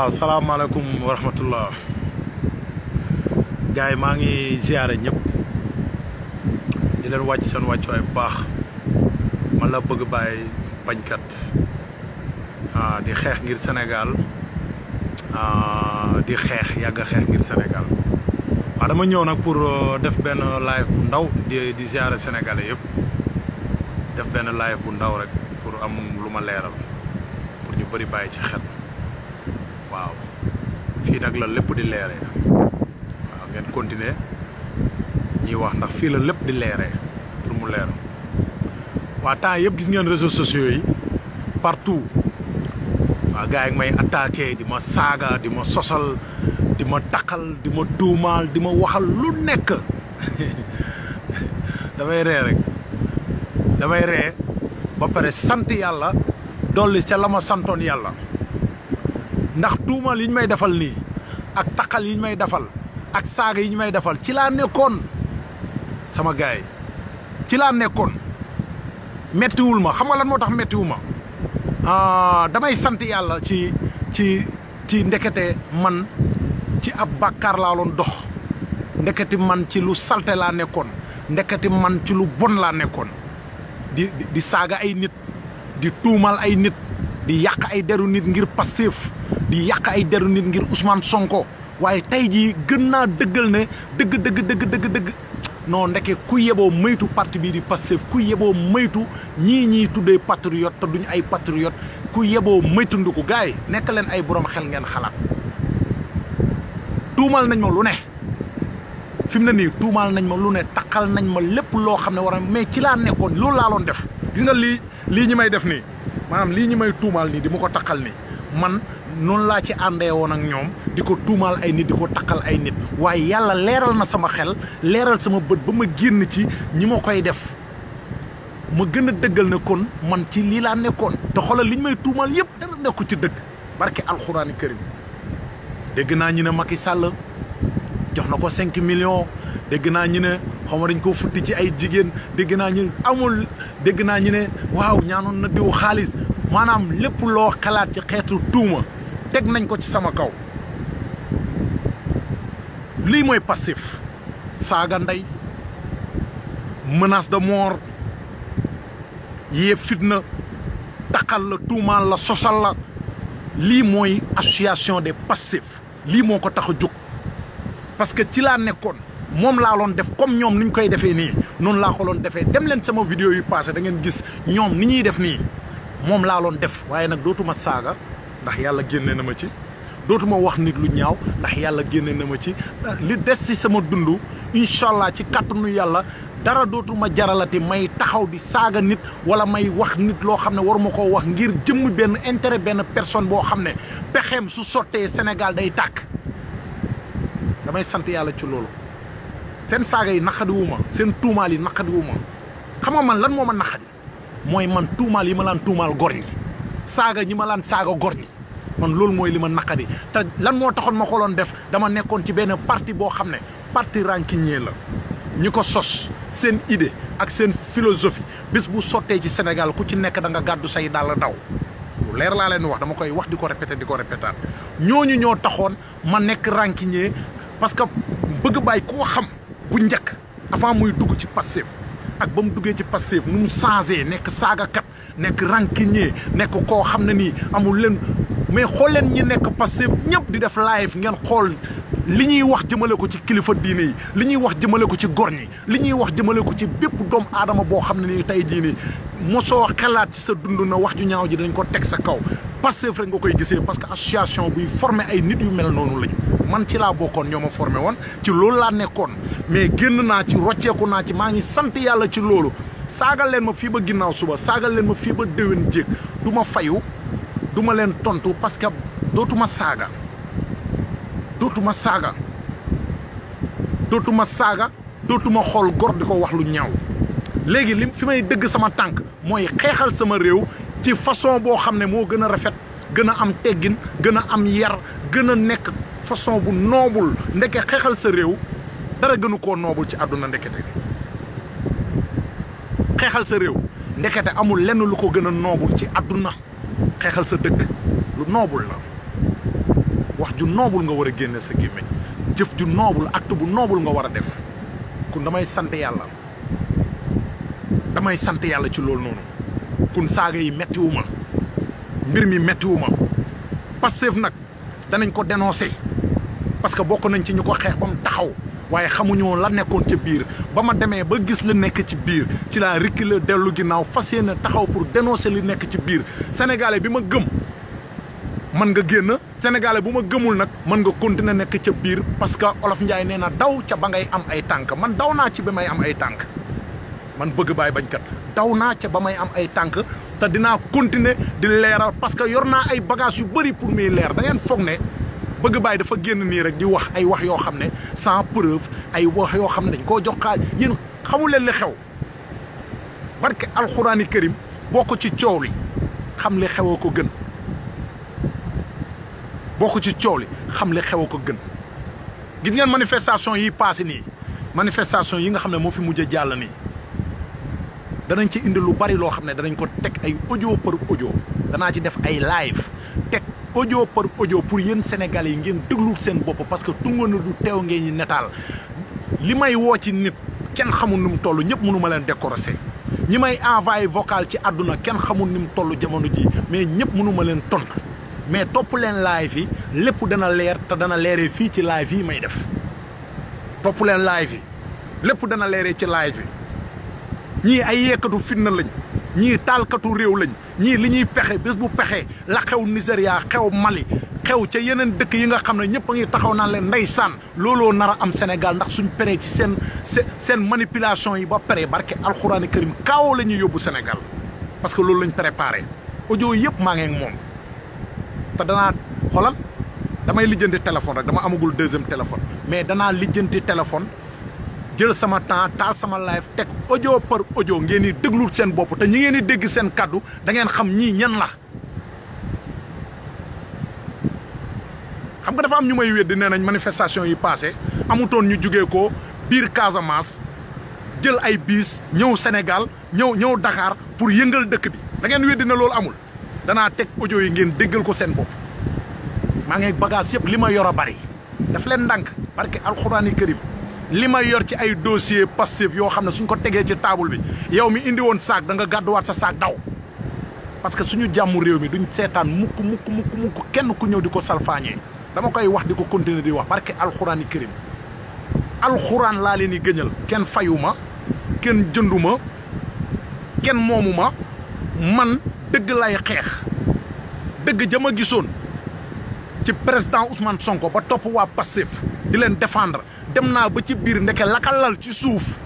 waaw salaamaaleykum wa rahmatullah gars maa ngi ziare ñëpp di leen wàcc seen wàccuwaay baax ma la bëgg bàyyi bañkat ah di xeex ngir Sénégal ah, di xeex yàgg a xeex ngir Sénégal waaw dama ñëw nag pour def benn live bu ndaw di di ziare sénégalais yëpp def benn live bu ndaw rek pour am lu ma leeral pour ñu bëri bàyyi ci xel waaw fii nag la lépp di leeree waaw ngeen continuer ñuy wax ndax fii la lépp di leeree pour mu leer waa temps yëpp gis ngeen réseaux sociaux yi partout waa gars yi may attaqué di ma saaga di ma sosal di ma taqal di ma tuumaal di ma waxal lu nekk damay ree rek damay ree ba pare sant yàlla dolli ca la ma santoon yàlla ndax tuuma liñ may defal ni ak takal yiñ may defal ak saga yiñ may defal ci la sama gaay ci kon, metti wul ma xam nga lan motax metti wuma ah damay sante yalla ci ci ci ndekete man ci ab bakkar la lon dox man ci lu salté la man ci lu bon la di di saga ay nit di tuumal ay nit di yak ay deru nit ngir passif di yàq ay deru nit ngir Ousmane Sonko waaye tey jii gën naa dëggal ne dëgg dëgg dëgg dëgg dëgg ndeke ku yeboo moytu parti bi di Pastef ku yeboo moytu ñii ñii tuddee patriote te duñu ay patriote ku yeboo moytundiku gars yi nekk leen ay borom xel ngeen xalaat tuumaal nañ ma lu ne fi mu ne nii tuumaal nañ ma lu ne taqal nañ ma lépp loo xam ne war a mais ci laa nekkoon loolu laa doon def gis nga lii lii ñi may def nii maanaam lii ñi may tuumaal nii di ma ko taqal man noonu laa ci àndee woon ak ñoom di ko tuumaal ay nit di ko takkal ay nit waaye yàlla leeral na sama xel leeral sama bët ba ma génn ci ñi ma koy def ma gën dëggal ne kon man ci lii laa nekkoon te xoolal li ñu may tuumaal yëpp dara nekku ci dëgg barke alxuraani kërim dégg naa ñu ne i sàll jox na ko cinq millions dégg naa ñu ne xaw ma dañ ko futti ci ay jigéen dégg naa ñu amul dégg naa ñu ne waaw ñaanoon na diw xaalis maanaam lépp loo xalaat ci xeetu tuuma teg nañ ko ci sama kaw lii mooy passif saaga menace de mort yee fitna taqal la tuumaal la sosal la Li mooy association des passifs Li moo ko tax parce que ci laa nekkoon mom l'a loon def comme yom ni ñu koy defee nii noonu laa ko loon dem leen sama vidéo yu passé da ngeen gis ñoom ni ñuy def ni, mom la loon def waaye nag dootuma saga, ndax yàlla génne na ma ci dootuma wax nit lu ñaaw ndax yàlla génne na ma ci li des si sama dund incha allah ci kàttanu yàlla dara dootuma jaralati may taxaw di saaga nit wala may wax nit loo xam ne waruma koo wax ngir jëmm benn intérêt benn personne boo xam ne pexeem su sottee senegal day tàkk damay sant yàlla ci loolu seen saaga yi naqadiwu ma seen tuumaal yi naqadiwu ma xam nga man lan moo ma naqadi mooy man tuumaal yi ma laan tuumaal gor ñi saaga ñi ma laan saaga gor ñi man loolu mooy li ma naqadi te lan moo taxoon ma ko def dama nekkoon ci benn parti boo xam ne parti rancunier la ñi ko sos seen idée ak seen philosophie bés bu sottee ci Sénégal ku ci nekk da nga gàddu say dàll daw lu leer laa leen wax dama koy wax di ko répété di ko répétaat ñooñu ñoo taxoon ma nekk rancunier parce que bëgg bàyyi koo xam bu njëkk avant muy dugg ci Pastef ak ba mu duggee ci Pastef nu mu changé nekk saagakat nekk rancunier nekk koo xam ne nii amul leen mais xool leen ñi nekk Pastef ñëpp di def live ngeen xool li ñuy wax jëmale ko ci kilifa diine yi li ñuy wax jëmale ko ci gor ñi li ñuy wax jëmale ko ci bépp doomu aadama boo xam ne ni tey jii nii mosoo xalaat ci sa dund na wax ju ñaaw ji dañ ko teg sa kaw Pastef rek nga koy gisee parce que association buy formé ay nit yu mel noonu lañ man ci laa bokkoon ñoo ma formé woon ci loolu laa nekkoon mais génn naa ci rocceeku naa ci maa ngi sant yàlla ci loolu saagal leen ma fii ba ginnaaw suba saagal leen ma fii ba déwén jéeg du ma fayu leen tontu parce que dootuma saaga dootuma saaga dootuma saaga dootuma xool góor di ko wax lu ñaaw léegi lim fi may dëgg sama tànk mooy xeexal sama réew ci façon boo xam ne moo gën a rafet gën a am teggin gën a am yar gën a nekk façon bu noobul ndeke xeexal sa réew dara gënu koo noobul ci àdduna ndekete xeexal sa réew ndekete amul lenn lu ko gën a noobul ci àdduna xeexal sa dëkk lu noobul la wax ju noobul nga war a génne sa gémmiñ jëf ju noobul acte bu noobul nga war a def kon damay sant yàlla damay sant yàlla ci loolu noonu kon saaga yi mettiwu ma mbir mi mettiwu ma Pastef nag danañ ko dénoncer parce que bokk nañ ci ñu ko xeex ba taxaw waaye xamuñu xamuñoo la nekkoon ca biir ba ma demee ba gis la nekk ci biir ci laa reculer dellu ginnaaw fas yéene taxaw pour dénoncer li nekk ci biir sénégalais bi ma gëm man nga génn sénégalais bu ma gëmul nag mën nga continuer nekk ca biir parce que olof Ndiaye nee na daw ca ba ngay am ay tànk man daw naa ci ba may am ay tànk man bëgg baay bañkat daw naa ca ba may am ay tànk te dinaa continuer di leeral parce que yor naa ay bagages yu bëri pour muy leer da ngeen foog ne bëgg baay dafa génn nii rek di wax ay wax yoo xam ne sans preuve ay wax yoo xam ne dañ koo jox xaar yéen xamuleen li xew barke alxuraani karim boo ko ci coow li xam li xewoo ko gën. boku ci ciowli xam li xew ko gën gis ngeen manifestation yi passé ni manifestation yi nga xamne mo fi mujjé jall ni danañ ci indi lu bari lo xamne danañ ko tek ay audio par audio dana ci def ay live tek audio par audio pour yeen sénégalais ngeen deglu sen bop parce que tungonu du tew ngeen ni netal limay wo ci nit ken xamul num tollu ñep mënuma leen décorer ñi may envoyer vocal ci aduna ken xamul num tollu jamono ji mais ñep mënuma len tontu mais topp leen laay yi lépp dana leer te dana leere fii ci laay yi may def topp leen laay yi lépp dana leere ci laay yi ñii ay yekkatu fitna lañ ñii taalkatu réew lañ ñii li ñuy pexe bés bu pexe la xew Nigéria xew Mali xew ca yeneen dëkk yi nga xam ne ñëpp a ngi taxaw naan leen ndeysaan looloo nar a am Sénégal ndax suñu peree ci seen seen manipulation yi ba pere barke alxuraani karim kaawoo la ñuy yóbbu Sénégal parce que loolu lañ préparé audio yëpp maa ngi te danaa xolal damay lijjanti téléphone rek dama amagul deuxième téléphone mais danaa lijjanti téléphone jël sama temps taal sama live teg audio par audio ngeen di déglul seen bopp te ñu ngeen di dégg seen kaddu da ngeen xam ñii ñan la xam nga dafa am ñu may weddi nee nañ manifestation yi passé amutoon ñu jóge ko biir Casamance jël ay biis ñëw senegal ñëw ñëw dakaar pour yëngal dëkk bi da ngeen weddi ne loolu amul dana tek audio yi ngeen deggal ko sen bop ma ngay bagage yep lima yoro bari daf len dank barke alxuraani karim lima yor ci ay dossier passif yo xamne suñ ko tege ci table bi yow mi indi won sac da nga wat sa sac daw parce que suñu jamu rew mi duñ setan mukk mukk mukk mukk kenn ku ñew diko salfañe dama koy wax diko continuer di wax barke alxuraani karim alxuraan la leni geñal ken fayuma ken jënduma ken momuma man deug lay xex deug jama gisoon ci président Ousmane Sonko ba top wa passif di len défendre dem na ba ci bir ndeke lakalal ci souf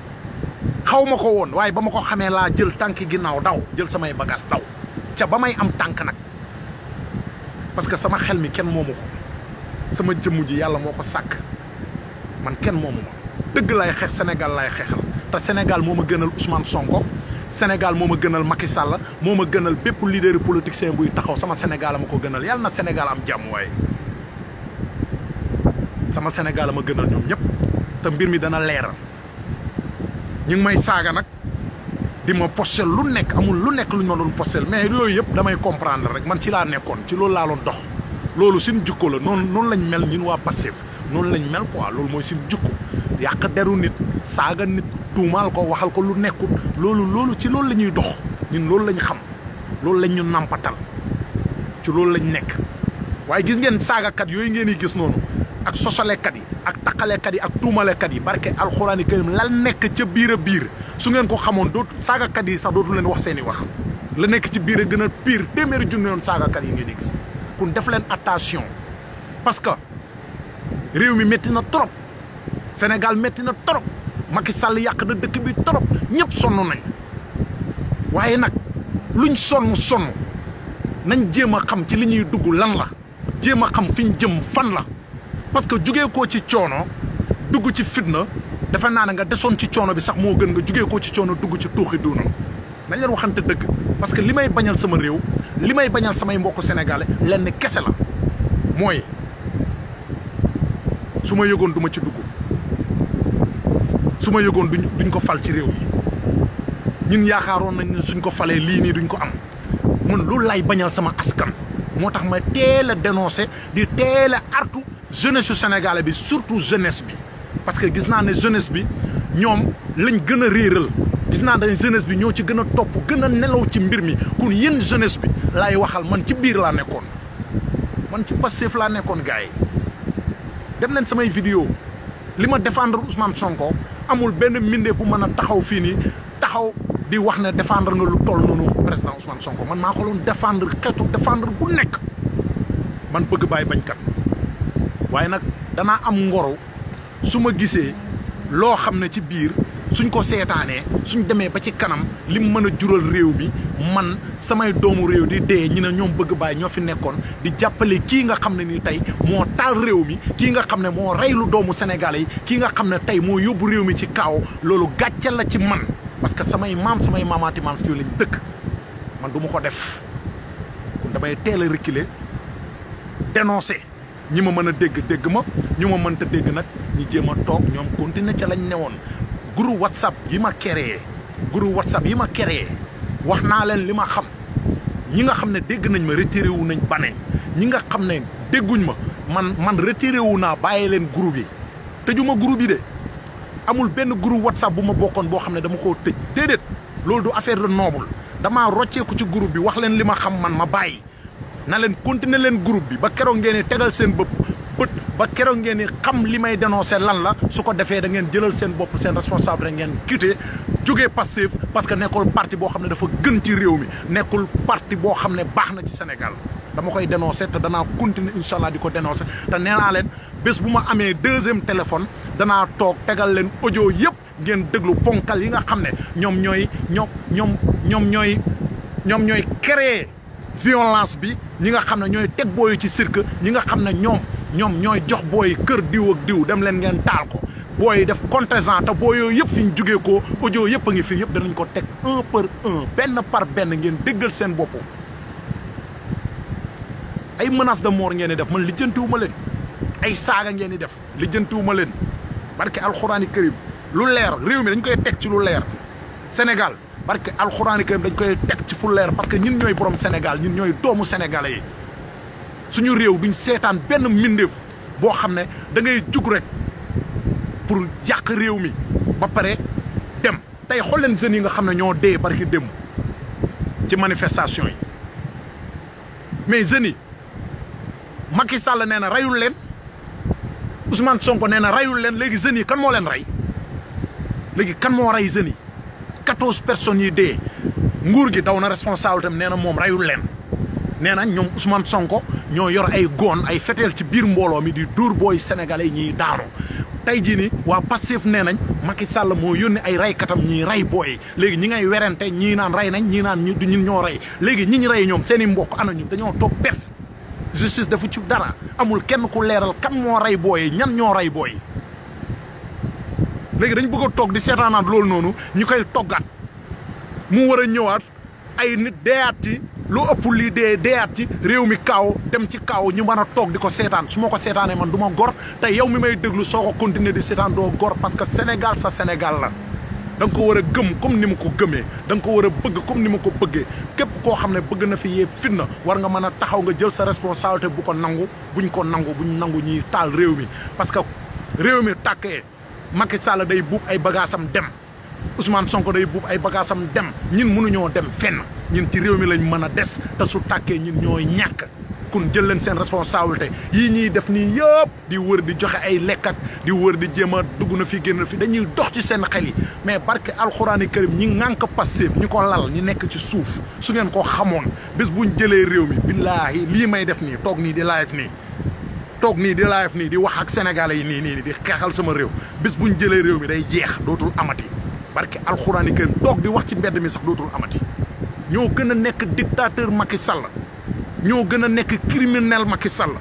xawma ko won waye bama ko xamé la jël tànk ginnaaw daw jël samay bagages daw ca bamay am tank nak parce que sama xel mi kenn momuko sama jëmm ji yàlla moo ko man kenn momuma deug lay xex Sénégal lay xexal ta Sénégal moma gënal Ousmane Sonko Senegal moma gënal Macky Sall moma gënal leader sen buy taxaw sama Senegal ma gënal yalla na sénégal am jàmm way sama Senegal ma gënal ñom ñëpp te mbir mi dana lér ñing may saga nak di ma postel lu nekk amul lu nekk lu ñu doon postel mais yoy yëpp damay comprendre rek man ci la nekkon ci lool la doon dox loolu suñ jukko la non non lañ mel ñun wa passif non lañ mel quoi lool moy suñ jukko yàq deru nit saga nit tuumaal ko waxal ko lu nekkut loolu loolu ci loolu la ñuy dox ñun loolu lañ xam loolu lañ ñu nàmpatal ci loolu lañu nekk waaye gis ngeen saagakat yooyu ngeen di gis noonu ak sosalekat yi ak taqalekat yi ak tuumalekat yi barke alxuraani karim la nekk ca biir a biir su ngeen ko xamoon dootu saagakat yi sax dootu leen wax seeni wax la nekk ci biir a gën a pire téeméeri junne yoon saagakat yi ngeen di gis kon def leen attention parce que réew mi métti na trop Sénégal métti na trop Macky Sall yak na dëkk bi trop ñepp sonu nañ waaye nak luñ sonu sonu nañ jëma xam ci liñuy dugg lan la jëma xam fiñ jëm fan la parce que juggé ko ci coono dugg ci fitna dafa naa nga déssone ci coono bi sax mo gën nga juggé ko ci coono dugg ci tuuxi duuna nañ leen waxante dëgg parce que limay bañal sama réew limay bañal samay mbokk sénégalais lenn kessé la moy suma ma duma ci dugg. su ma yëgoon duñ ko fal ci réew mi ñun yaakaaroon nañ ne suñ ko falee lii nii duñ ko am man loolu lay bañal sama askan moo tax ma teel a dénoncé di teel a artu jeunesse su sénégalais bi surtout jeunesse bi parce que gis naa ne jeunesse bi ñoom lañ gën a réeral gis naa ne jeunesse bi ñoo ci gën a topp gën a nelaw ci mbir mi kon yéen jeunesse bi lay waxal man ci biir laa nekkoon man ci Pastef laa nekkoon gars yi dem leen samay vidéo li ma défendre Ousmane Sonko amul benn mbindee bu mën a taxaw fii nii taxaw di wax ne défendre nga lu toll noonu président Ousmane Sonko man maa ko doon défendre xeetu défendre gu nekk man bëgg bàyyi bañkat waaye nag danaa am ngoro su ma gisee loo xam ne ci biir. suñ ko seetaanee suñ demee ba ci kanam lim mën a jural réew bi man samay doomu réew di dee ñi ne ñoom bëgg bàyyi ñoo fi nekkoon di jàppale kii nga xam ne ni tey moo taal réew mi kii nga xam ne moo rey lu doomu Sénégalais yi kii nga xam ne tey moo yóbbu réew mi ci kaaw loolu gàcce la ci man parce que samay maam samay maamaati maam fii lañ dëkk man du ma ko def kon damay teel a reculer dénoncer ñi ma mën a dégg dégg ma ñu ma mënta dégg nag ñi jéem a toog ñoom ca lañ newoon groupe whatsapp yi ma créé groupe whatsapp yi ma créé wax naa leen li ma xam ñi nga xam ne dégg nañ ma retiré wu nañ baneen ñi nga xam ne dégguñ ma man man retiré wu naa bàyyi leen groupe yi tëjuma groupe yi de amul benn groupe whatsapp bu ma bokkoon boo xam ne dama ko tëj déedéet loolu du affaire de noble damaa rocceeku ci groupe bi wax leen li ma xam man ma bàyyi na leen continuer leen groupe bi ba keroog ngeen tegal seen bëpp bët ba keroog ngeen ni xam li may dénoncer lan la su ko defee da ngeen jëlal seen bopp seen responsable rek ngeen quitté jógee Pastef parce que nekkul parti boo xam ne dafa gën ci réew mi nekkul parti boo xam ne baax na ci Sénégal dama koy dénoncer te danaa continuer incha allah di ko dénoncer te nee naa leen bés bu ma amee deuxième téléphone danaa toog tegal leen audio yëpp ngeen déglu ponkal yi nga xam ne ñoom ñooy ñoom ñoom ñoom ñooy ñoom ñooy créer violence bi ñi nga xam ne ñooy teg booyu ci cirque ñi nga xam ne ñoom. ñoom ñooy jox booy kër diw ak diw dem leen ngeen taal ko booy def contestant te booy yooyu yëpp fi ñu jugee ko audio yëpp a ngi fi yëpp danañ ko teg un par un benn par benn ngeen déggal seen bopp. ay menace de moor ngeen di def man lijjantiwu ma leen ay saaga ngeen di def lijjantiwu ma leen barke alxuraani karim lu leer réew mi dañ koy teg ci lu leer Sénégal barke alxuraani karim dañ koy teg ci fu leer parce que ñun ñooy borom senegal ñun ñooy doomu sénégalais yi. suñu réew duñ seetaan benn mbindeef boo xam ne da ngay jug rek pour yàq réew mi ba pare dem tey xool leen jeunes yi nga xam ne ñoo dee barki dem ci manifestation yi mais jeunes yi Macky Sall nee na reyul leen Ousmane son nee na reyul leen léegi jeunes yi kan moo leen rey léegi kan moo rey jeunes yi quatorze personnes yi dee nguur gi daw na responsable tam nee na moom reyul leen. nee nañ ñoom Ousmane Sonko ñoo yor ay góon ay feteel ci biir mbooloo mi di dóor booy sénégalais ñii daanu tey jii ni waa Pastef nee nañ Macky Sall moo yónni ay raykatam ñiy ray booy léegi ñi ngay werante ñii naan rey nañ ñii naan ñu du ñoo ray léegi ñi ñu rey ñoom seen i mbokk ana ñu dañoo toog pef justice dafa ci dara amul kenn ku leeral kan moo rey booy ñan ñoo ray booy léegi dañ bëgg a toog di seetaanaat loolu noonu ñu koy toggaat mu war a ñëwaat ay nit deeyaat lu ëpp lii dee deeyaat ci réew mi kaaw dem ci kaaw ñu mën a toog di ko seetaan su ma ko seetaanee man du ma gor te yow mi may déglu soo ko continuer di seetaan doo gor parce que Sénégal sa Sénégal la danga ko war a gëm comme ni ma ko gëmee danga nga ko war a bëgg comme ni ma ko bëggee képp koo xam ne bëgg na fi yee fitna war nga mën a taxaw nga jël sa responsabilité bu ko nangu buñ ko nangu ñu nangu ñuy taal réew mi parce que réew mi tàkkee Macky Sall day buub ay bagaasam dem Ousmane Sonko day buub ay bagaasam dem ñin mënuñoo dem fenn ñun ci réew mi lañ mën a des te su tàkkee ñun ñooy ñàkk kun jël leen seen responsabilité yii ñuy def nii yëpp di wër di joxe ay lekkat di wër di jéem a dugg na fi génn na fi dañuy dox ci seen xel yi mais barke alxuraani karim ñi ŋànk passif ñi ko lal ñi nekk ci suuf su ngeen ko xamoon bés buñ jëlee réew mi billaahi lii may def nii toog nii di live nii toog nii di live nii di wax ak sénégalais yi nii nii di xeexal sama réew bés buñ jëlee réew mi day jeex dootul amati barke alxuraani karim toog di wax ci mbedd mi sax dootul amati ñoo gën a nekk dictateur Macky Sall ñoo gën a nekk criminel Macky Sall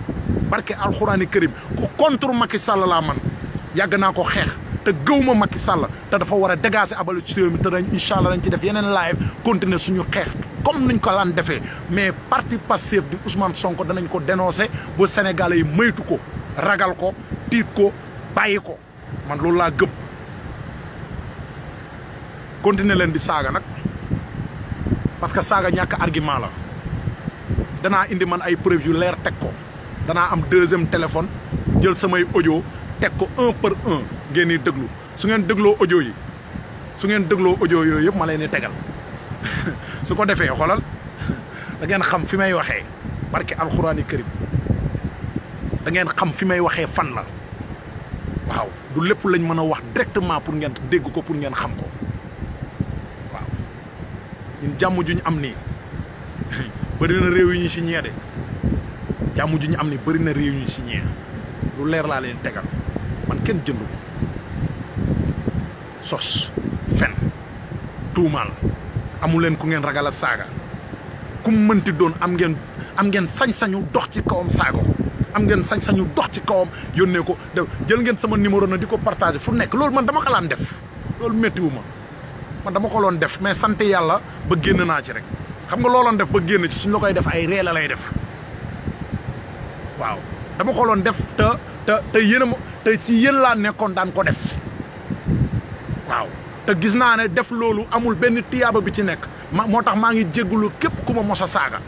barke alxuraani kërim ku contre Macky Sall laa man yàgg naa ko xeex te gëwma Macky Sall te dafa war a dégager abalu ci réew mi te dañ incha allah dañ ci def yeneen live continuer suñu xeex comme nuñ ko laan defee mais parti Pastef di Ousmane Sonko danañ ko dénoncer ba Sénégalais yi moytu ko ragal ko tiit ko bàyyi ko man loolu laa gëm continuer leen di saaga nag. parce que saga ñak argument la danaa indi man ay preuve yu leer tek ko danaa am deuxième téléphone jël samay audio tek ko un par un ngeen ni deglu su ngeen deglo audio yi su ngeen deglo audio yoy yep ma leen di tegal su ko defé xolal da ngeen xam fi may waxé barké alcorane karim da ngeen xam fi may waxé fan la waaw du lepp lañ mëna wax directement pour ngeen dégg ko pour ngeen xam ko ñun jamm juñ am ni bari na rew yi ñi ci ñe de jamm juñ am ni bari na rew yi ñi ci ñe lu leer la leen tegal man kenn jëndu sos fen tumal amu leen ku ngeen ragala saga amgen ku mënti doon am ngeen am ngeen sañ-sañu dox ci kawam saaga am ngeen sañ-sañu dox ci kawam yonne ko jël ngeen sama numéro na di partager fu nek lool man dama def ma man dama ko loon def mais sant yàlla ba génn naa ci rek xam nga looloon def ba génn ci suñ la koy def ay ree la lay def waaw dama ko loon def te te te yéen te si yéen laa nekkoon daan ko def waaw te gis naa ne def loolu amul benn tiyaaba bi ci nekk ma moo tax maa ngi jégalu képp ku ma mos a saaga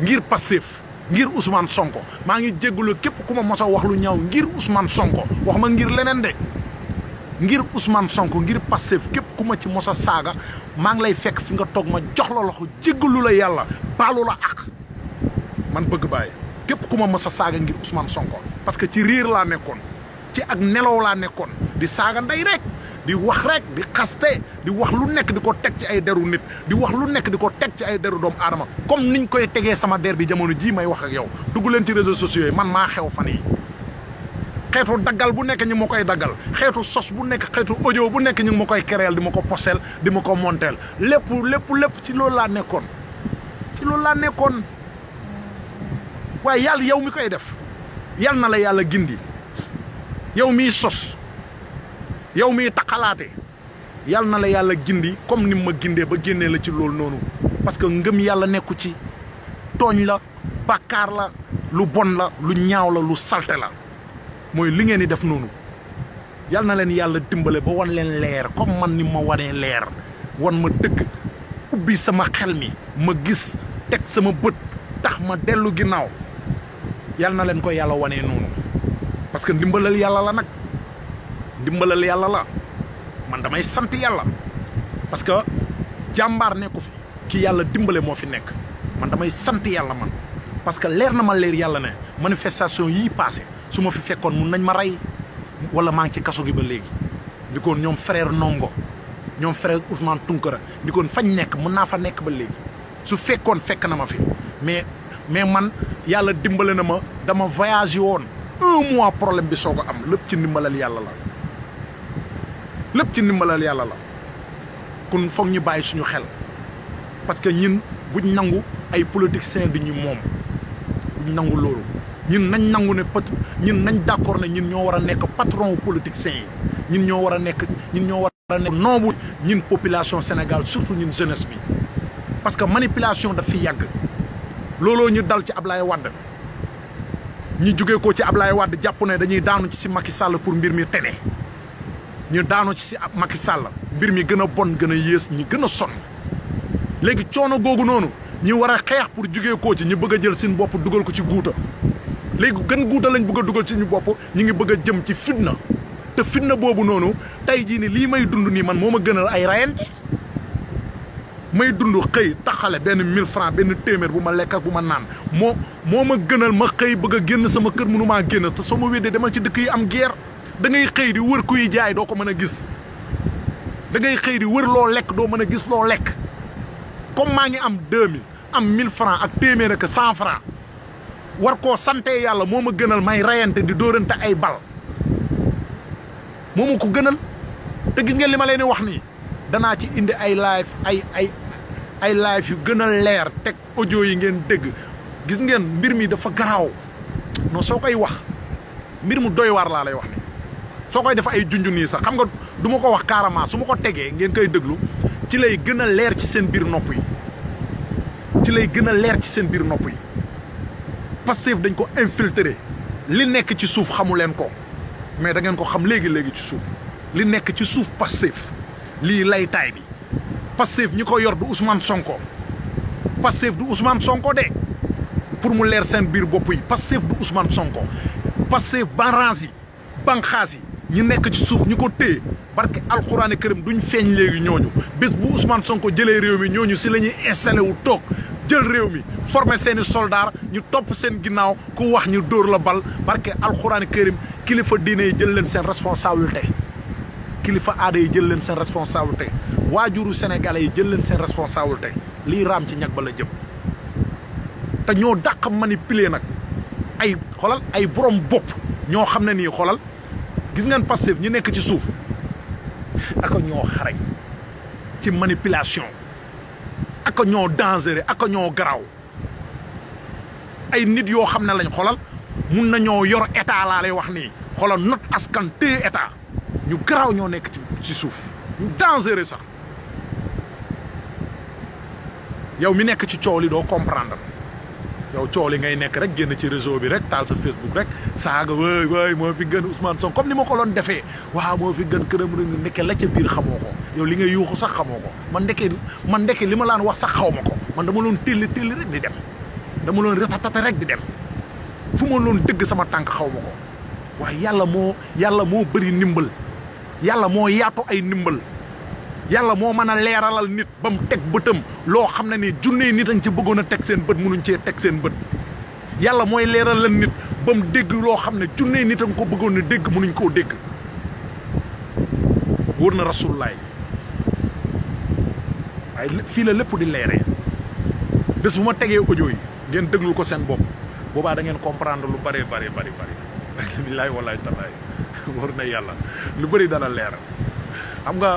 ngir Pastef ngir Ousmane Sonko maa ngi jégalu képp ku ma mos a wax lu ñaw ngir Ousmane Sonko wax ma ngir leneen de. ngir Ousmane Sonko ngir pasif, kep kuma ci mos Saga ma ngi lay fekk fi nga tok ma jox la loxo jéggulu la Yalla balu la ak man bëgg kep kuma masa ma Saga Usman ngir Ousmane Sonko parce que ci riir la nekkoon ci ak nelaw la nekkoon di Saga nday rek di wax rek di xasté di wax lu nekk di tek ci ay deru nit di wax lu nekk di tek ci ay deru dom aadama comme niñ koy téggé sama der bi jamono ji may wax ak yow duggu len ci réseaux sociaux man ma xew xeetu daggal bu nekk ñu ma koy daggal xeetu sos bu nekk xeetu audio bu nekk ñu ngi ma koy kereel di ma ko poseel di ma ko monteel lépp lépp lépp ci loolu laa nekkoon ci loolu laa nekkoon waaye yàlla yow mi koy def yal na la yàlla gindi yow miy sos yow miy taxalaate yal na la yàlla gindi comme ni ma gindee ba génnee la ci loolu noonu parce que ngëm yàlla nekku ci tooñ la bàkkaar la lu bon la lu ñaaw la lu salte la mooy li ngeen di def noonu yal na leen yàlla dimbale ba wan leen leer comme man ni ma wanee leer wan ma dëgg ubbi sama xel mi ma gis teg sama bët tax ma dellu ginnaaw yal na leen ko yàlla wanee noonu parce que ndimbalal yàlla la nag ndimbalal yàlla la man damay sant yàlla parce que jàmbaar nekku fi ki yàlla dimbale moo fi nekk man damay sant yàlla man parce que leer na ma leer yàlla ne manifestation yii passé su ma fi fekkoon mun nañ ma rey wala maa ngi ci kaso gi ba léegi ndi koon ñoom frère Ndongo ñoom frère Ousmane Tounkara ndi koon fañ nekk mun naa fa nekk ba léegi su fekkoon fekk na ma fi mais mais man yàlla dimbale na ma dama voyagé woon un mois problème bi soo ko am lépp ci ndimbalal yàlla lépp ci ndimbalal yàlla la kon foog ñu bàyyi suñu xel parce que ñin buñ nangu ay politiciens du ñu moom nangu loolu ñun nañ nangu ne pat ñun nañ d'accord ne ñun ñoo war a nekk patron wu politiciens ñun ñoo war a nekk ñun ñoo war a nekk ñun population Sénégal surtout ñun jeunesse bi parce que manipulation daf fi yàgg looloo ñu dal ci Ablaye Wade ñu jugee ko ci Ablaye Wade jàpp ne dañuy daanu ci si Macky Sall pour mbir mi tene ñu daanu ci si Macky Sall mbir mi gën a bon gën a yées ñi gën a sonn léegi coono googu noonu ñi war a xeex pour jugee ko ci ñu bëgg a jël seen bopp dugal ko ci guuta léegi gën guutal lañ bëgg a dugal ci ñu bopp ñu ngi bëgg a jëm ci fitna te fitna boobu noonu tey jii ni lii may dund nii man moo ma gënal ay rayante may dund xëy taxale benn mille francs benn téeméer bu ma lekk ak bu ma naan moo moo ma gënal ma xëy bëgg a génn sama kër mënumaa génn te soo ma weddee demal ci dëkk yi am guerre dangay xëy di wër kuy jaay doo ko mën a gis dangay ngay xëy di wër loo lekk doo mën a gis loo lekk comme maa ngi am deux am mille francs ak téeméer ak cent francs war koo sante yàlla moo ma gënal may reyante di dóorante ay bal moo ma ko gënal te gis ngeen li ma leen wax nii danaa ci indi ay live ay ay ay live yu gën a leer teg ojo yi ngeen dégg gis ngeen mbir mi dafa garaaw non soo koy wax mbir mu doy waar laa lay wax ni soo koy def ay junj nii sax xam nga duma ko wax carrément su ma ko tegee ngeen koy déglu ci lay gën a leer ci seen biir nopp yi ci lay gën a leer ci seen biir nopp yi. passif dañ ko infiltrer li nek ci souf xamulen ko mais da ngeen ko xam léegi léegi ci souf li nek ci souf passif li lay tay bi yor du Ousmane Sonko passif du Ousmane Sonko de pour mu leer seen bir bopp yi du Ousmane Sonko passif banrange yi ñu nek ci souf ñu ko barke alxuraane këram duñ feeñ léegi ñooñu bës bu Ousmane Sonko jëlee réew mi ñooñu si lañuy installé wu tok jël réew mi former seeni i soldaar ñu topp seen ginnaaw ku wax ñu dóor la bal barke alxuraani kërim kilifa diine yi jël leen seen responsabilité kilifa aada yi jël leen seen responsabilité waajuru sénégalais yi jël leen seen te lii raam ci ñag ba la jëm te ñoo dàq manipuler nag ay xolal ay borom bopp ñoo xam ne nii xolal gis ngeen Pastef ñu nekk ci suuf ak ñoo xarañ ci manipulation ak ñoo dangereux ak ñoo garaaw ay nit yoo xam ne lañ xolal mun nañoo yor état laa lay wax nii xolal not askan téye état ñu garaaw ñoo nekk ci ci suuf ñu dangereux sax yow mi nekk ci coow li doo comprendre yow coow li ngay nekk rek génn ci réseau bi rek taal sa Facebook rek saaga waay waay moo fi gën Ousmane Sonko comme ni ma ko doon defee waaw moo fi gën këram rek nekke la ca biir xamoo ko. yow li ngay yuuxu sax xamoo ko man ndekkee man ndekkee li ma laan wax sax xawma ko man dama loon telli telli rek di dem dama loon retatata rek di dem fu ma loon dégg sama tànk xaw ma ko waaye yàlla moo yàlla moo bari ndimbal yàlla moo yaatu ay ndimbal yàlla moo mën a leeralal nit ba mu teg bëtam loo xam ne ni junne nit añ ci bëggoon a teg seen bët mënuñ cee teg seen bët yàlla mooy leeralal nit ba mu dégg loo xam ne junne nit ko bëggoon a dégg munuñ koo dégg wóor na waaye fii la lépp di leeree bés bu ma tegee audio yi ngeen déglu ko seen bopp boobaa da ngeen comprendre lu bëree bëri bëri bëri billaay wallaay tallaay war na yàlla lu bëri dana leeral xam nga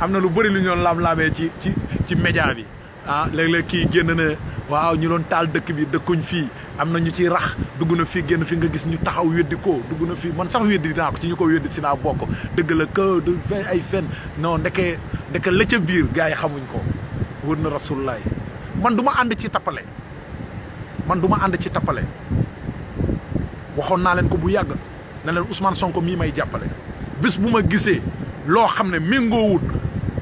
am na lu bëri lu ñu doon laam-laamee ci ci ci média bi ah léeg-léeg kii génn na waaw ñu doon taal dëkk bi dëkkuñ fii am na ñu ciy rax dugg na fii génn fi nga gis ñu taxaw weddi ko dugg na fii man sax weddi naa ko ci ñu ko weddi si naa bokk dëgg la que du ay fen non ndeke ndeke la ca biir gars yi xamuñ ko wër na rasulullah man duma and ci tapalé man duma and ci tapalé waxon na len ko bu yag na len Ousmane Sonko mi may jappalé bis buma gisé lo xamné mingo wut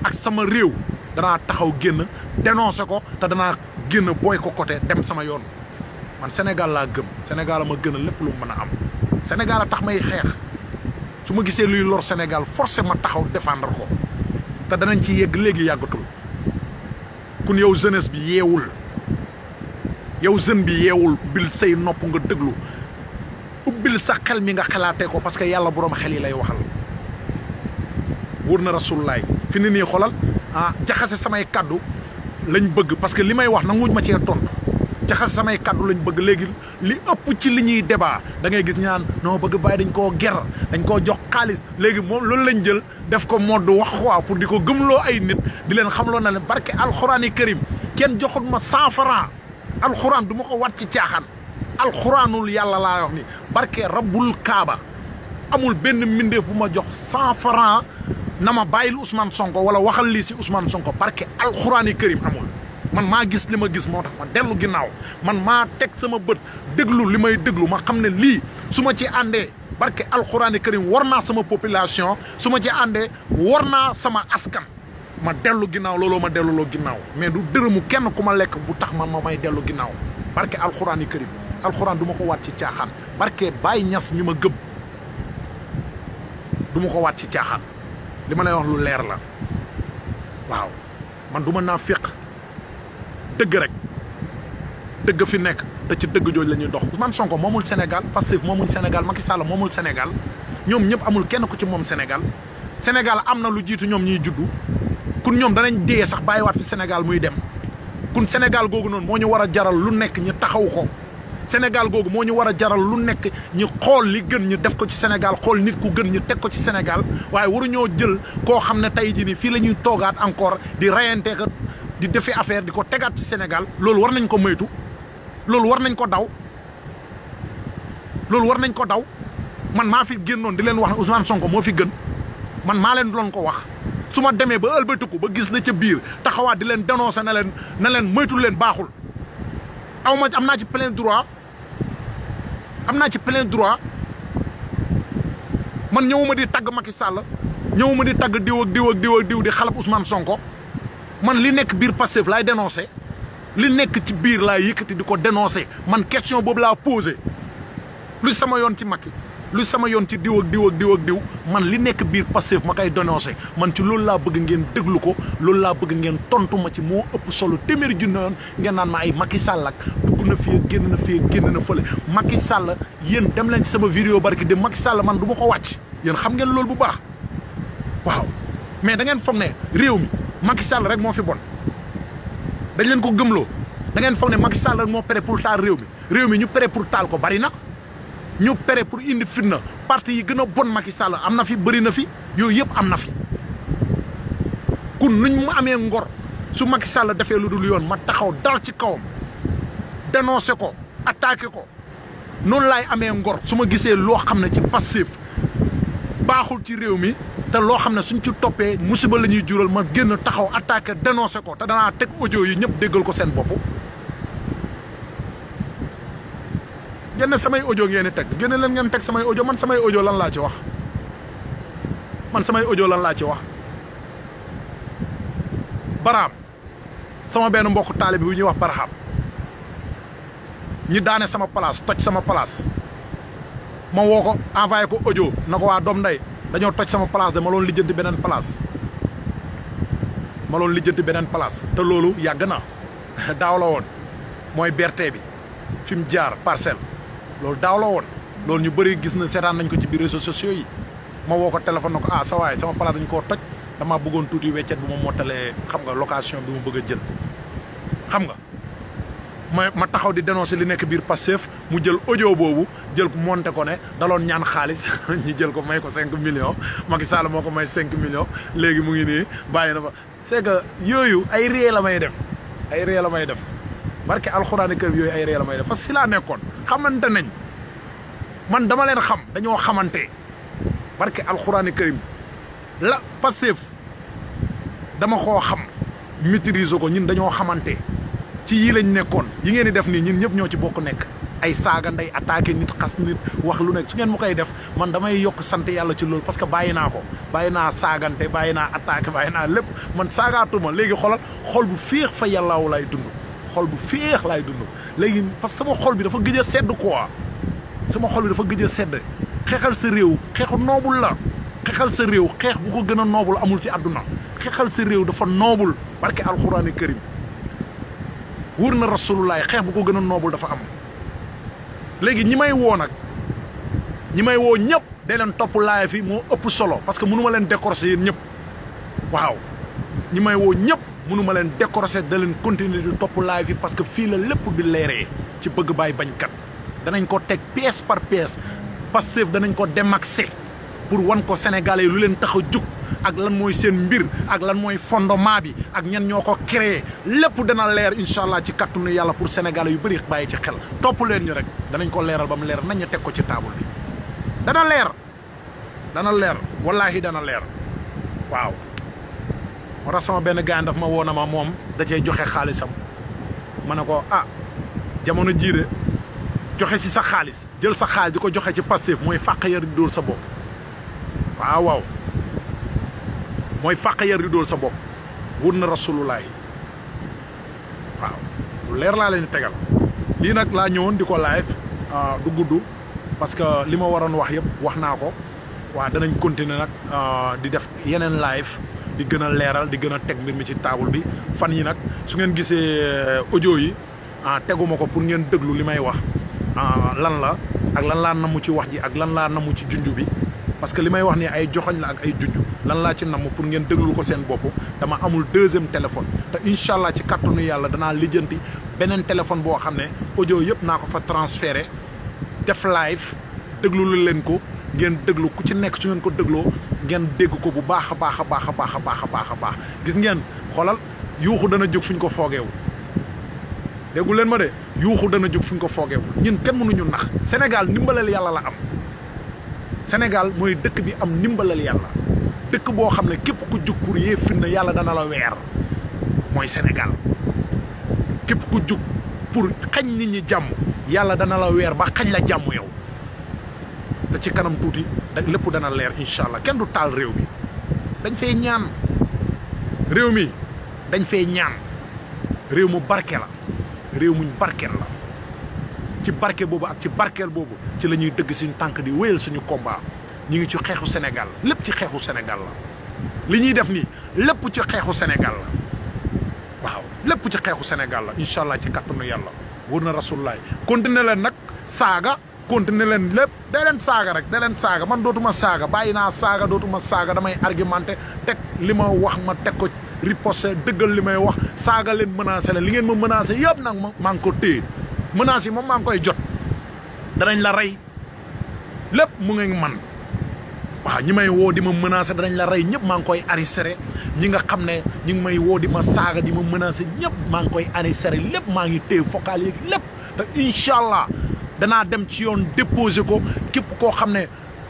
ak sama rew dana taxaw genn dénoncer ko ta dana genn boy ko côté dem sama yoon man Sénégal la gëm Sénégal ma gënal lepp lu mëna am Sénégal tax may xex suma gisé luy lor Sénégal forcément taxaw défendre ko ta danañ ci yegg légui yagatul kun yow jeunesse bi yeewul yow jeune bi yeewul bil say nopp nga déglu ubbil sa xel mi nga xalaatee ko parce que yàlla boroom xel yi lay waxal wóor na rasulullaay fi ni nii xoolal ah jaxase samay kàddu lañ bëgg parce que li may wax nanguwuñ ma cee tontu. jaxas samay kaddu lañ bëgg léegi li ëpp ci li ñuy débat da gis ñaan noo bëgg bàyyi dañ koo ger dañ koo jox xaalis léegi moom loolu lañ jël def ko modd wax quoi pour di ko gëmloo ay nit di leen xamloo na ne barke alxuraan yi karim kenn joxut ma cent franc alxuraan du ma ko wat ci caaxaan alxuraanul yàlla laa wax ni barke rabbul kaaba amul benn mbindeef bu ma jox cent franc na ma bàyyil Ousmane Sonko wala waxal lii si Ousmane Sonko barke alxuraan yi karim amul man ma gis lima gis motax ma dellu ginnaaw man ma tek sama beut deglu li deglu ma xamne li suma ci andé barke alcorane karim warna sama population suma ci andé warna sama askan ma delu ginnaaw lolo ma lo ginnaaw mais du deureumu kenn kuma lek bu tax man ma may delu ginnaaw barke alcorane karim alcorane duma ko wat ci tiaxan barke bay ñass ñuma gëm duma ko wat ci tiaxan lima lay wax lu leer la waaw man duma nafiq dëgg rek dëgg fi nekk te ci dëgg jooju la ñuy dox Ousmane Sonko moomul Sénégal Pastef moomul Sénégal Macky Sall moomul Sénégal ñoom ñëpp amul kenn ku ci moom Sénégal Sénégal am na lu jiitu ñoom ñuy juddu kun ñoom danañ dee sax bàyyiwaat fi Sénégal muy dem kun Sénégal googu noonu moo ñu war a jaral lu nekk ñu taxaw ko Sénégal googu moo ñu war a jaral lu nekk ñu xool li gën ñu def ko ci Sénégal xool nit ku gën ñu teg ko ci Sénégal waaye waruñoo jël koo xam ne tey jii nii fii la ñuy toogaat encore di rayante di defee affaire di tégat ci Sénégal lolou war nañ ko moytu lolou war nañ ko daw lolou war nañ ko daw man ma fi gennon di len wax Ousmane Sonko mo fi genn man ma len doon ko wax suma ma demee ba ëlbatiku ba gis na ci biir taxawa di len dénoncer na len na len moytu len baxul awma amna ci plein droit amna ci plein droit man ñewuma di tag Macky Sall ñëwuma di tag diw ak diw ak diw ak diw di xalap Ousmane Sonko man li nekk biir Pastef laay dénoncé li nekk ci biir laay yëkkati di ko dénoncé man question boobu laa posé lu sama yoon ci Macky lu sama yoon ci diw ak diw ak diw ak diw man li nekk biir Pastef ma koy dénoncé man ci loolu laa bëgg ngeen déglu ko loolu laa bëgg ngeen tontu ma ci moo ëpp solo téeméeri junne yoon ngeen naan ma ay Macky Sall ak dugg na fii génn na fii génn na fële Macky Sall yéen dem leen ci sama vidéo barki de Macky Sall man du ma ko wàcc yéen xam ngeen loolu bu baax waaw da ngeen foog ne réew mi. Macky Sall rek moo fi bon dañ leen ko gëmloo dangeen ngeen foog ne Macky Sall rek moo pere pour taal réew mi réew mi ñu pere pour taal ko bari nax ñu pere pour indi fitna parti yi gën a bon Macky Sall am na fi bëri na fi yooyu yëpp am na fi kun nuñ mu amee ngor su Macky Sall defee lu dul yoon ma taxaw dal ci kawam dénoncé ko attaqué ko noonu laay amee ngor su ma gisee loo xam ne ci passif baxul ci réew mi té lo xamné suñ ci topé musiba lañuy jural ma génn taxaw attaquer dénoncer ko té dana tek audio yi ñëpp déggal ko seen bop génn samay audio ngeen tek génn ngeen tek samay audio man samay audio lan la ci wax man samay audio lan la ci wax baram sama benn mbokk talib bi ñu wax baraam ñi daane sama place toj sama place ma woo ko envoyé ko audio nako wa dom nday dañu toj sama place de ma loon lijjanti beneen place ma loon lijjanti beneen place te loolu yagna dawla won moy berté bi fim jaar parcel loolu dawla won woon ñu bari gis na sétane nañ ko ci bi réseaux sociaux yi ma woo ko téléphone nako ah sa waay sama place dañ ko toj dama bëggon tuuti weccet bu mo motalé xam nga location bi mu bëgg jël xam nga ma ma taxaw di dénoncer li nekk biir Pastef mu jël audio boobu jël ko monté ko ne daloon ñaan xaalis ñu jël ko may ko million ma Macky Sall moo ko may 5 millions léegi mu ngi nii bàyyi na fa c'est yooyu ay ree la may def ay ree la may def barke alxuraani kër yooyu ay ree la parce que si laa nekkoon xamante nañ man dama leen xam dañoo xamante barke alxuraani karim la Pastef dama koo xam maîtriser ko ñun dañoo xamante. ci yii lañ nekkoon yi ngeen di def nii ñun ñëpp ñoo ci bokk nekk ay saaga nday attaqué nit xas nit wax lu nekk su ngeen ma koy def man damay yokk sant yàlla ci loolu parce que bàyyi naa ko bàyyi naa saagante bàyyi naa attaqué bàyyi naa lépp man saagaatuma léegi xolal xol bu féex fa yàllaaw laay dund xol bu féex laay dund léegi parce que sama xol bi dafa gëj a sedd quoi sama xol bi dafa gëj a sedd xeexal sa réew xeexu noobul la xeexal sa réew xeex bu ko gën a noobul amul ci àdduna xeexal sa réew dafa noobul barke alxuraani karim wër na rasulullah xeex bu ko gën a noobul dafa am léegi ñi may woo nag ñi may woo ñëpp day leen topp laay fi moo ëpp solo parce que mënu ma leen décorser yéen ñëpp waaw ñi may woo ñëpp mënuma leen décorser da leen continuer di topp laay fi parce que fii la lépp di leeree ci bëgg baay bañkat danañ ko teg pièce par pièce Pastef danañ ko démaxé pour wan ko Sénégalais yi lu leen tax a jug ak lan mooy seen mbir ak lan mooy fondement bi ak ñen ñoo ko créé lépp dana leer incha allah ci kattanu yàlla pour sénégalais yu bëri bàyyi ci xel topp leen ñu rek danañ ko leeral ba mu leer nañ ñu teg ko ci taabul bi dana leer dana leer wallaahi dana leer waaw. moo tax benn gars daf ma woo na moom da cee joxe xaalisam ma ne ko ah jamono jii joxe si sa xaalis jël sa xaalis di ko joxe ci passif mooy fàq yar dóor sa bopp waaw waaw. moy fàq yar di dóor sa bop wun na rasulullah waaw lu leer la leen tegal li nak la ñewon di live euh du guddou parce que lima waron wax yeb wax naa ko waa danañ continuer euh di def yenen live di gëna leral di gëna tek mbir mi ci table bi fan yi nak su ngeen gisee eh, audio yi ah, teguma ko pour ngeen déglu li may wax lan la ak lan la namu ci wax ji ak lan la namu ci jundju bi parce que li may wax ni ay joxoñ la ak ay junj lan laa ci namm pour ngeen déglu ko seen bopp dama amul deuxième téléphone te incha allah ci kàttanu yàlla danaa lijjanti beneen téléphone boo xam ne audio yëpp naa ko fa transféré def live déglu lu leen ko ngeen déglu ku ci nekk su ngeen ko dégloo ngeen dégg ko bu baax a baax a baax a baax a baax a baax a baax gis ngeen xoolal yuuxu dana jóg fu ñu ko foogeewu déggu leen ma de yuuxu dana jóg fu ñu ko foogeewu ñun kenn mënuñu nax Sénégal ndimbalal yàlla la am Sénégal mooy dëkk bi am ndimbalal yàlla dëkk boo xam ne képp ku jug pour yee firnde yàlla dana la weer mooy Sénégal képp ku jug pour xañ nit ñi jàmm yàlla dana la weer ba xañ la jàmm yow te ci kanam tuuti da lépp dana leer incha allah kenn du taal réew mi dañ fee ñaan réew mi dañ fee ñaan réew mu barke la réew muñ barkeel la ci barke boobu ak ci barkeel boobu ci lañuy ñuy dëgg suñu tànk di wéyal suñu combat ñu ngi ci xeexu Sénégal lépp ci xeexu Sénégal la li ñuy def nii lépp ci xeexu Sénégal la waaw lépp ci xeexu Sénégal la incha allah ci kàttanu yàlla wër na rasulullaay continuer leen nag saaga continuer leen lépp da leen saaga rek da leen saaga man dootuma saaga bàyyi naa saaga dootuma saaga damay argumenté teg li ma wax ma teg ko riposté dëggal li may wax saaga leen menacé la li ngeen ma menacé yëpp nag ma maa ngi ko menaces yi moom maa ngi koy jot danañ la rey lépp mu ngi man waaw ñi may woo di ma menacé danañ la rey ñëpp maa ngi koy arrêté ñi nga xam ne ñi may woo di ma saaga di ma menacé ñëpp maa ngi koy arrêté lépp maa ngi téye focal yeeg lépp te incha allah danaa dem ci yoon déposé ko képp koo xam ne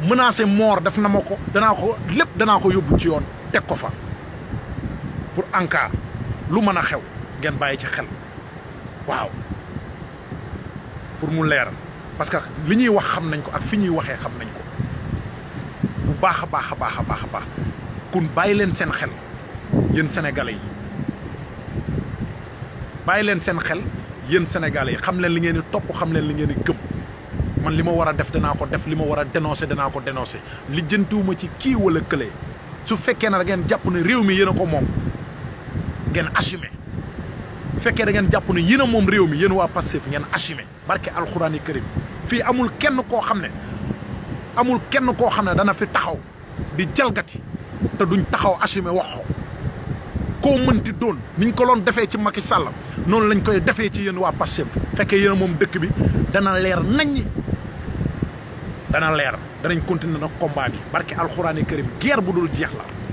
menacé moor def na ma ko danaa ko lépp danaa ko yóbbu ci yoon teg ko fa pour en lu mën a xew ngeen bàyyi ci xel waaw pour mu parce que li ñuy wax xam nañ ko ak fi ñuy waxee xam nañ ko bu baax a baax a baax a baax a baax kon bàyyi leen seen xel yéen sénégalais yi bàyyi leen seen xel yéen sénégalais yi xam leen li ngeen di topp xam leen li ngeen di gëm man li ma war a def danaa ko def li ma war a dénoncé danaa ko dénoncé li jëntuwuma ci kii wala kële su fekkee na da ngeen jàpp ne réew mi yéen a ko moom ngeen assumé. bu fekkee da ngeen jàpp ne yéen a moom réew mi yéen waa Pastef ngeen assumé barke alxuraani karim fii amul kenn koo xam ne amul kenn koo xam ne dana fi taxaw di jalgati te duñ taxaw assumé wax ko koo mënti doon niñ ko loon defee ci i Sall noonu lañ koy defee ci yéen waa Pastef fekkee yéen a moom dëkk bi dana leer nañ dana leer danañ continuer nag combat bi barke alxuraani karim guerre bu dul jeex la